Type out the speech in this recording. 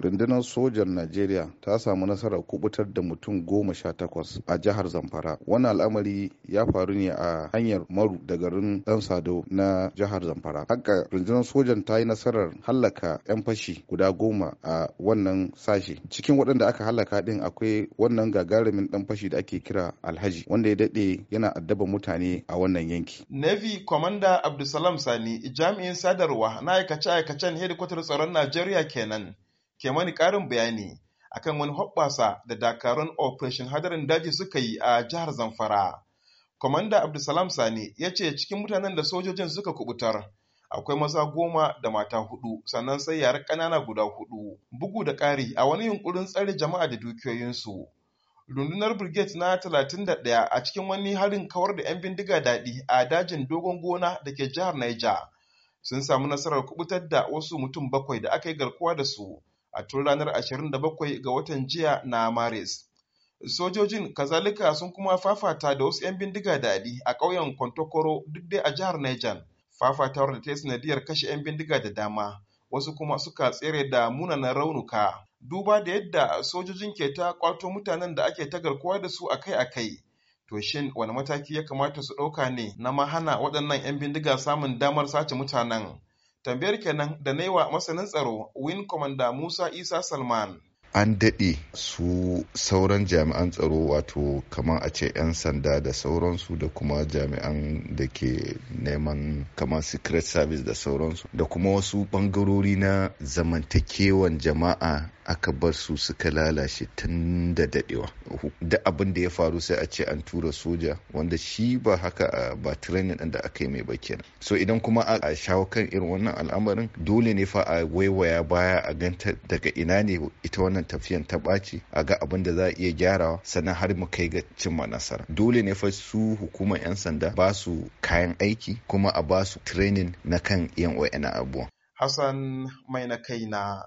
rundunar sojan najeriya ta samu nasarar kubutar da mutum goma sha takwas a jihar zamfara wani al'amari ya faru ne a hanyar maru da garin dan sado na jihar zamfara haka rundunar sojan ta yi nasarar hallaka 'yan fashi guda goma a wannan sashe cikin waɗanda aka hallaka din akwai wannan gagarumin dan fashi da ake kira alhaji wanda ya daɗe yana addaba mutane a wannan yanki navy commander abdulsalam sani jami'in sadarwa na aikace-aikacen hedikwatar tsaron najeriya kenan ke mani ƙarin bayani akan wani hoɓɓasa da dakarun operation hadarin daji suka yi a jihar zamfara Kwamandan abdulsalam sani ya ce cikin mutanen da sojojin suka kubutar akwai maza goma da mata hudu sannan sai yara ƙanana guda hudu bugu da ƙari a wani yunkurin tsare jama'a da dukiyoyinsu rundunar brigade na 31 a cikin wani harin kawar da 'yan bindiga daɗi a dajin dogon gona da ke jihar niger sun samu nasarar kubutar da wasu mutum bakwai da aka yi garkuwa da su a tun ranar 27 ga watan jiya na Maris. Sojojin kazalika sun kuma fafata da wasu 'yan bindiga daɗi a ƙauyen Kwantokoro duk dai a jihar Niger. Fafatawar da ta yi sanadiyar kashe 'yan bindiga da dama, wasu kuma suka tsere da munanan raunuka. Duba da yadda sojojin ke ta kwato mutanen da ake ta garkuwa da su akai-akai. to shin wani mataki ya kamata su ɗauka ne na mahana waɗannan 'yan bindiga samun damar sace mutanen Tambayar kenan da na yi wa masanin tsaro Win Commander Musa Isa Salman. an daɗe su sauran jami'an tsaro wato kamar a ce 'yan sanda da sauransu da kuma jami'an da ke neman kamar secret service da sauransu da kuma wasu ɓangarori na zamantakewan jama'a aka bar su suka lalace tun da dadewa da abin da ya faru sai a ce an tura soja wanda shi ba haka ba training din da aka yi mai ba kenan so idan kuma a shawo kan irin wannan al'amarin dole ne fa a waiwaya baya a ganta daga ina ne ita wannan tafiyan ta ɓaci a ga abin da za a iya gyarawa sannan har mu kai ga cimma nasara dole ne fa su hukumar 'yan sanda ba su kayan aiki kuma a ba su training na kan yan wa'ina abubuwan hassan mai na kai na